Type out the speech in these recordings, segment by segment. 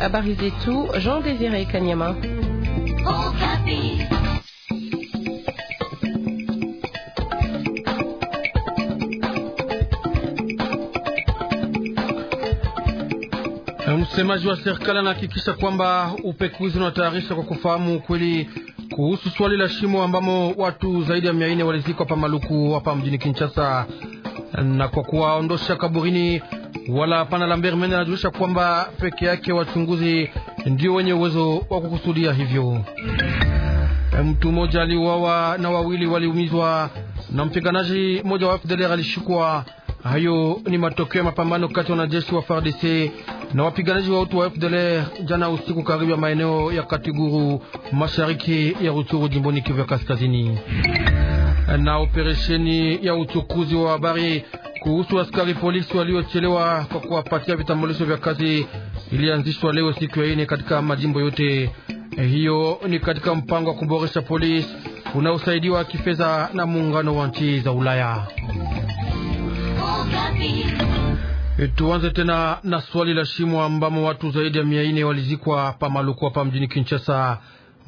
Habari zetu Jean Désiré Kanyama. Okapi. Msemaji wa serikali anahakikisha kwamba upekuzi unatayarisha kwa kufahamu ukweli kuhusu swali la shimo ambamo watu zaidi ya mia nne walizikwa hapa Maluku hapa mjini Kinshasa, na kwa kuwaondosha kaburini wala pana. Lambert Mende anajulisha kwamba peke yake wachunguzi ndio wenye uwezo wa kukusudia hivyo. Eh, mtu mmoja aliuawa na wawili waliumizwa na mpiganaji mmoja wa FDLR alishikwa. Hayo ni matokeo ya mapambano kati ya wanajeshi wa FARDC na wapiganaji wa utu wa FDLR jana usiku karibu ya maeneo ya Katiguru mashariki ya Ruchuru jimboni Kivu ya Kaskazini. Na operesheni ya uchukuzi wa habari kuhusu askari polisi waliochelewa kwa kuwapatia vitambulisho vya kazi ilianzishwa leo siku ya ine katika majimbo yote. Eh, hiyo ni katika mpango wa kuboresha polisi unaosaidiwa kifedha na muungano wa nchi za Ulaya. Eh, tuanze tena na swali la shimo ambamo watu zaidi ya mia ine walizikwa pa Maluku hapa mjini Kinshasa.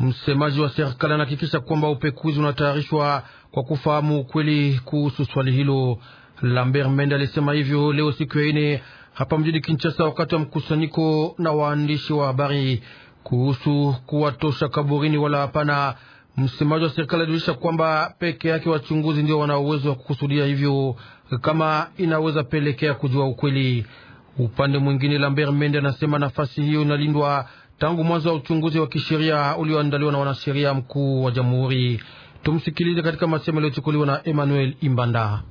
Msemaji wa serikali anahakikisha kwamba upekuzi unatayarishwa kwa kufahamu ukweli kuhusu swali hilo. Lambert Mende alisema hivyo leo siku ya ine hapa mjini Kinshasa, wakati wa mkusanyiko na waandishi wa habari kuhusu kuwatosha kaburini wala hapana. Msemaji wa serikali alijulisha kwamba peke yake wachunguzi ndio wana uwezo wa kukusudia hivyo, kama inaweza pelekea kujua ukweli. Upande mwingine, Lambert Mende anasema nafasi hiyo inalindwa tangu mwanzo wa uchunguzi wa kisheria ulioandaliwa na wanasheria mkuu wa jamhuri. Tumsikilize katika masemo yaliyochukuliwa na Emmanuel Imbanda.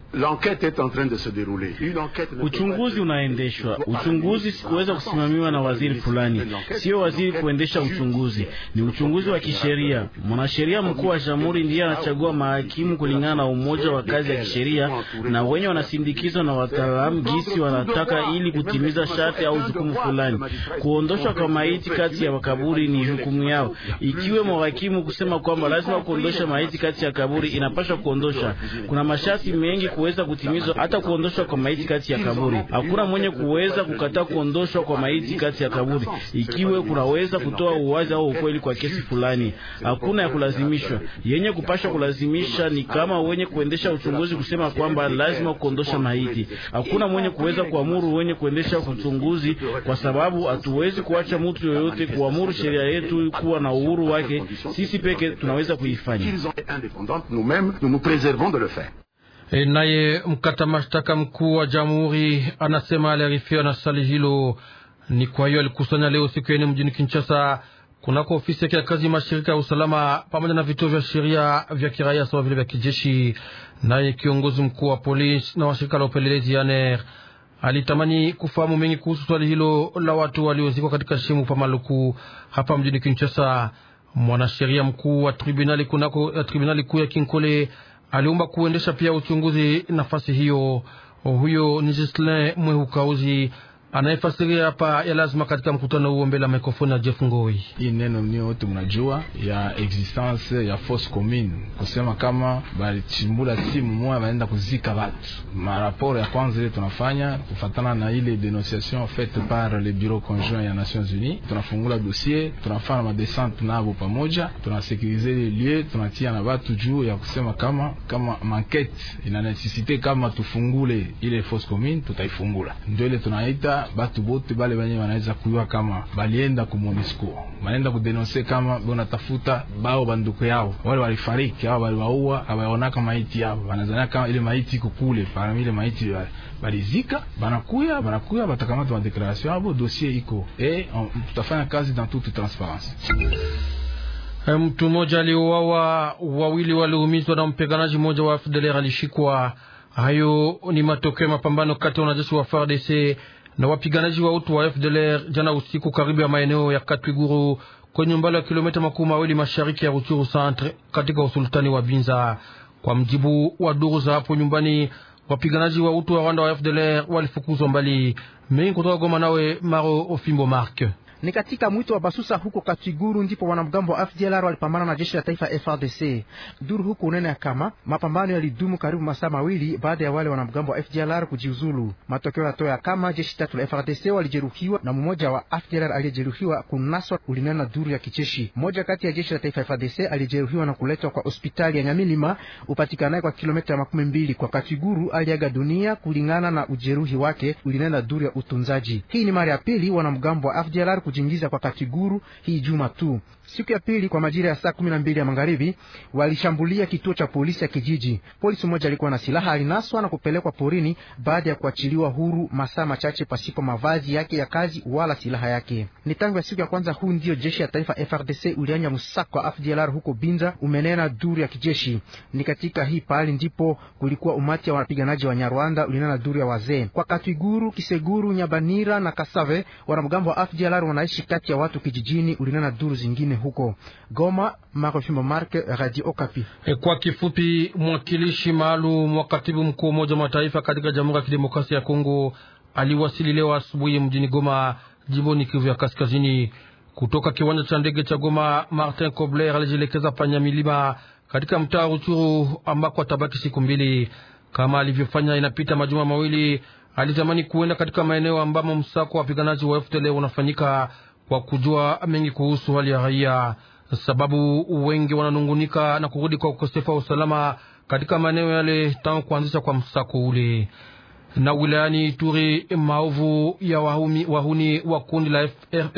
Uchunguzi unaendeshwa. Uchunguzi sikuweza kusimamiwa na waziri fulani, sio waziri kuendesha uchunguzi, ni uchunguzi wa kisheria. Mwanasheria mkuu wa jamhuri ndiye anachagua mahakimu kulingana na umoja wa kazi ya kisheria, na wenye wanasindikizwa na wataalamu gisi wanataka, ili kutimiza sharti au jukumu fulani. Kuondoshwa kwa maiti kati ya makaburi ni hukumu yao. Ikiwe mwahakimu kusema kwamba lazima kuondosha maiti kati ya kaburi, inapaswa kuondosha. Kuna masharti mengi kwa kuweza kutimizwa hata kuondoshwa kwa maiti kati ya kaburi. Hakuna mwenye kuweza kukataa kuondoshwa kwa maiti kati ya kaburi ikiwe kunaweza kutoa uwazi au ukweli kwa kesi fulani. Hakuna ya kulazimishwa. Yenye kupasha kulazimisha ni kama wenye kuendesha uchunguzi kusema kwamba lazima kuondosha maiti. Hakuna mwenye kuweza kuamuru wenye kuendesha uchunguzi, kwa sababu hatuwezi kuacha mtu yoyote kuamuru sheria yetu kuwa na uhuru wake. Sisi peke tunaweza kuifanya. E, naye mkata mashtaka mkuu wa jamhuri anasema aliarifiwa na sali hilo. Ni kwa hiyo alikusanya leo siku ya mjini Kinshasa kunako ofisi ya kazi mashirika ya usalama pamoja na vituo vya sheria vya kiraia sawa vile vya kijeshi. Naye kiongozi mkuu wa polisi na washirika la upelelezi yaner alitamani kufahamu mengi kuhusu swali hilo la watu waliozikwa katika shimo pa Maluku hapa mjini Kinshasa. Mwanasheria mkuu wa tribunali kunako ya eh, tribunali kuu ya Kinkole aliomba kuendesha pia uchunguzi nafasi hiyo. Huyo ni Mwehukauzi anayefasiria hapa ya lazima katika mkutano huo mbele ya mikrofoni ya Jeff Ngoi. Hii neno ni wote mnajua ya existence ya force commune, kusema kama balichimbula simu moja baenda kuzika watu. Maraporo ya kwanza ile tunafanya kufatana na ile dénonciation faite par le bureau conjoint ya Nations Unies, tunafungula dossier, tunafanya madescente nabo pamoja, tunasekurize ile lieu, tunatia na watu juu ya kusema kama kama enquête ina necessite kama tufungule ile force commune, tutaifungula ndio ile tunaita batu bote bale banye wanaweza kuyua kama balienda ku Monisco, banaenda kudenonse kama bonatafuta bao banduku yao wale walifariki au waliwaua, awaonaka maiti yao, wanazania kama ile maiti kukule parmi ile maiti balizika, banakuya banakuya batakamata ma declaration yabo, dossier iko e tutafanya kazi dans toute transparence. Eh, mtu mmoja aliuawa, wawili waliumizwa na mpiganaji mmoja wa FDLR alishikwa. Hayo ni matokeo ya mapambano kati ya wanajeshi wa FARDC na wapiganaji wa utu wa FDLR jana usiku karibu ya maeneo ya Katwiguru kwenye umbali wa kilomita makumi mawili mashariki ya Ruchuru centre katika usultani wa Binza. Kwa mjibu wa duru za hapo nyumbani, wapiganaji wa utu wa Rwanda wa FDLR walifukuzwa mbali mengi kutoka Goma. Nawe Maro Ofimbo Mark ni katika mwito wa Basusa huko Katiguru ndipo wanamgambo wa FDLR walipambana na jeshi la taifa FRDC. Duru huko ya kama mapambano yalidumu karibu masaa mawili baada ya wale wanamgambo wa FDLR kujiuzulu. Matokeo ya toa ya kama jeshi tatu la FRDC walijeruhiwa na mmoja wa FDLR aliyejeruhiwa kunaswa, kulingana na duru ya kijeshi. Mmoja kati ya jeshi la taifa FRDC alijeruhiwa na kuletwa kwa hospitali ya Nyamilima upatikanaye kwa kilomita makumi mbili kwa Katiguru aliaga dunia kulingana na ujeruhi wake, ulinena duru ya utunzaji. Hii ni mara ya pili wanamgambo wa FDLR kujiingiza kwa katiguru hii juma tu. Siku ya pili kwa majira ya saa kumi na mbili ya magharibi walishambulia kituo cha polisi ya kijiji. Polisi mmoja alikuwa na silaha alinaswa na kupelekwa porini baada ya kuachiliwa huru masaa machache pasipo mavazi yake ya kazi wala silaha yake. Ni tangu ya siku ya kwanza, huu ndio jeshi ya taifa FRDC ulianya msako wa FDLR huko Binza, umenena duru ya kijeshi. Ni katika hii pahali ndipo kulikuwa umati ya wapiganaji wa Nyarwanda ulinena duru ya wazee kwa Katwiguru, Kiseguru, Nyabanira na Kasave. Wanamgambo wa FDLR wanaishi kati ya watu kijijini, ulinena duru zingine mwingine huko Goma. Marofimo Mark, Radio Okapi. E, kwa kifupi, mwakilishi maalum wa katibu mkuu Umoja wa Mataifa katika Jamhuri ya Kidemokrasia ya Kongo aliwasili leo asubuhi mjini Goma, jimboni Kivu ya Kaskazini. Kutoka kiwanja cha ndege cha Goma, Martin Kobler alijielekeza panya milima katika mtaa Ruchuru ambako atabaki siku mbili kama alivyofanya inapita majuma mawili. Alitamani kuenda katika maeneo ambamo msako wa wapiganaji wa FDL unafanyika kwa kujua mengi kuhusu hali ya raia, sababu wengi wananungunika na kurudi kwa ukosefu wa usalama katika maeneo yale tangu kuanzisha kwa msako ule. Na wilayani Ituri, maovu ya wahumi, wahuni wa kundi la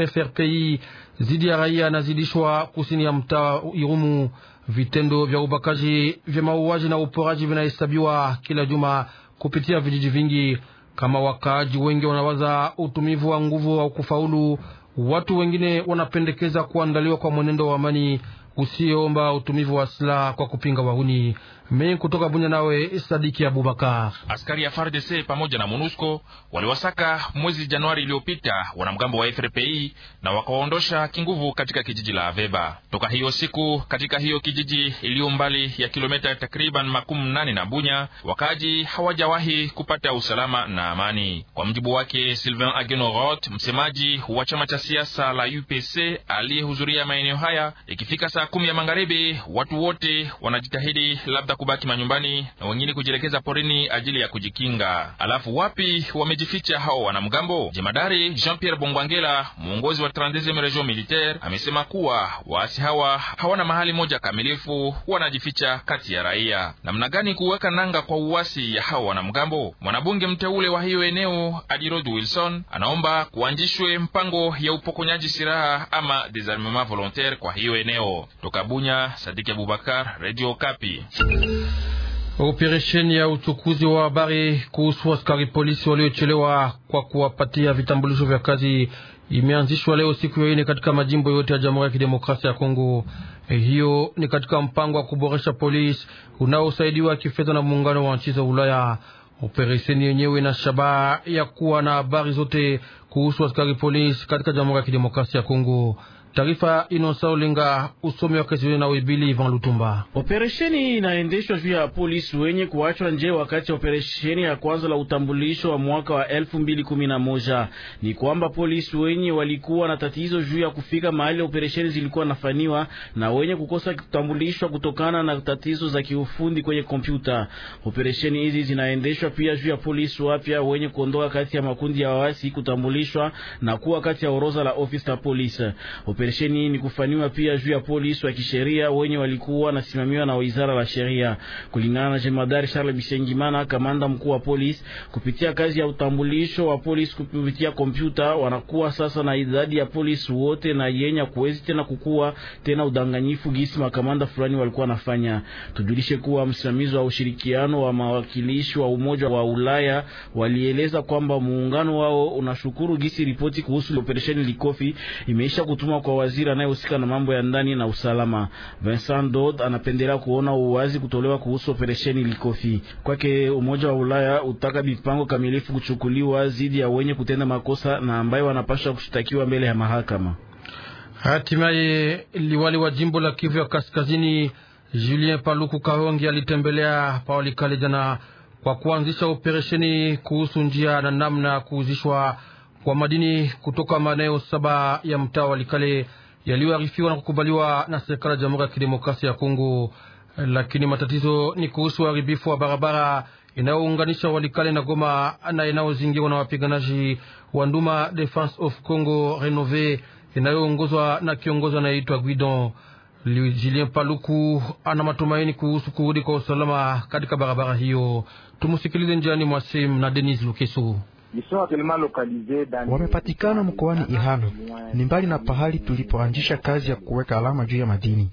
FRPI zidi ya raia yanazidishwa kusini ya mtaa Irumu. Vitendo vya ubakaji vya mauaji na uporaji vinahesabiwa kila juma kupitia vijiji vingi, kama wakaaji wengi wanawaza utumivu wa nguvu wa kufaulu Watu wengine wanapendekeza kuandaliwa kwa mwenendo wa amani usioomba utumivu wa silaha kwa kupinga wahuni. Mimi kutoka Bunya nawe Sadiki Abubakar. Askari ya FARDC pamoja na MONUSCO waliwasaka mwezi Januari iliyopita wanamgambo wa FRPI na wakawaondosha kinguvu katika kijiji la Aveba. Toka hiyo siku katika hiyo kijiji iliyo mbali ya kilomita takriban makumi nane na Bunya, wakaaji hawajawahi kupata usalama na amani. Kwa mjibu wake Sylvain Agenorot, msemaji wa chama cha siasa la UPC aliyehudhuria maeneo haya, ikifika saa kumi ya magharibi watu wote wanajitahidi labda kubaki manyumbani na wengine kujielekeza porini ajili ya kujikinga. Alafu wapi wamejificha hao wanamgambo? Jemadari Jean Pierre Bongwangela, muongozi wa 32e Region Militaire, amesema kuwa waasi hawa hawana mahali moja kamilifu, wanajificha kati ya raia. Namna gani kuweka nanga kwa uasi ya hao wanamgambo? Mwanabunge mteule wa hiyo eneo Adirod Wilson anaomba kuanzishwe mpango ya upokonyaji silaha ama desarmement volontaire kwa hiyo eneo. Toka Bunya, Sadiki Abubakar, Radio Kapi. Operesheni ya uchukuzi wa habari kuhusu askari polisi waliochelewa kwa kuwapatia vitambulisho vya kazi imeanzishwa leo siku ya ine katika majimbo yote ya Jamhuri ya Kidemokrasia ya Kongo. Eh, hiyo ni katika mpango wa kuboresha polisi unaosaidiwa kifedha na muungano wa nchi za Ulaya. Operesheni yenyewe na shabaha ya kuwa na habari zote kuhusu askari polisi katika Jamhuri ya Kidemokrasia ya Kongo. Taarifa inosaulinga usomi wake ziwe na Wibili Ivan Lutumba. Operesheni inaendeshwa juu ya polisi wenye kuachwa nje wakati operesheni ya kwanza la utambulisho wa mwaka wa moja. Ni kwamba polisi wenye walikuwa na tatizo juu ya kufika mahali operesheni zilikuwa nafaniwa na wenye kukosa kutambulishwa kutokana na tatizo za kiufundi kwenye kompyuta. Operesheni hizi zinaendeshwa pia juu ya polisi wapya wenye kuondoka kati ya makundi ya waasi kutambulishwa kuhamishwa na kuwa kati ya orodha la ofisa la polisi. Operesheni hii ni kufanywa pia juu ya polisi wa kisheria wenye walikuwa nasimamiwa na wizara la sheria, kulingana na jemadari Charles Bisengimana, kamanda mkuu wa polisi. Kupitia kazi ya utambulisho wa polisi kupitia kompyuta, wanakuwa sasa na idadi ya polisi wote na yenye kuwezi tena kukua tena udanganyifu gisi makamanda fulani walikuwa nafanya Tujulishe kuwa msimamizi wa ushirikiano wa mawakilishi wa Umoja wa Ulaya walieleza kwamba muungano wao unashukuru Duru gisi ripoti kuhusu operesheni Likofi imeisha kutumwa kwa waziri anayehusika na mambo ya ndani na usalama. Vincent Dod anapendelea kuona uwazi kutolewa kuhusu operesheni Likofi. Kwake Umoja wa Ulaya utaka mipango kamilifu kuchukuliwa dhidi ya wenye kutenda makosa na ambayo wanapasha kushtakiwa mbele ya mahakama. Hatimaye liwali wa jimbo la Kivu ya Kaskazini Julien Paluku Kahongi alitembelea Paolikale jana kwa kuanzisha operesheni kuhusu njia na namna ya kuuzishwa kwa madini kutoka maeneo saba ya mtaa wa Likale yaliyoarifiwa na kukubaliwa na serikali ya Jamhuri ya Kidemokrasia ya Kongo, lakini matatizo ni kuhusu uharibifu wa barabara inayounganisha Walikale na Goma na inayozingirwa na wapiganaji wa Nduma Defense of Congo Renove inayoongozwa na kiongozi anayeitwa Guidon. Julien Paluku ana matumaini kuhusu kurudi kwa usalama katika barabara hiyo. Tumusikilize njiani mwasim na Denis Lukesu wamepatikana mkoani Ihana, ni mbali na pahali tulipoanzisha kazi ya kuweka alama juu ya madini.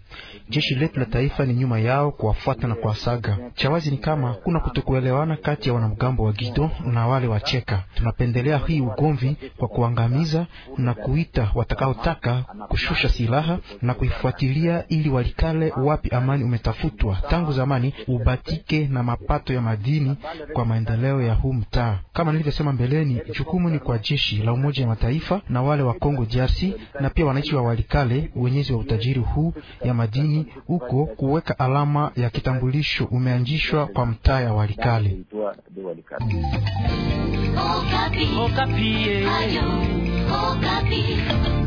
Jeshi letu la taifa ni nyuma yao kuwafuata na kuwasaga. Chawazi ni kama kuna kutokuelewana kati ya wanamgambo wa Gido na wale wa Cheka. Tunapendelea hii ugomvi kwa kuangamiza na kuita watakaotaka kushusha silaha na kuifuatilia, ili walikale wapi amani umetafutwa tangu zamani, ubatike na mapato ya madini kwa maendeleo ya huu mtaa, kama nilivyosema mbele mbeleni, jukumu ni kwa jeshi la Umoja wa Mataifa na wale wa Kongo DRC na pia wananchi wa Walikale, wenyezi wa utajiri huu ya madini huko. Kuweka alama ya kitambulisho umeanzishwa kwa mtaa ya Walikale. Okapi. Okapi. Eh.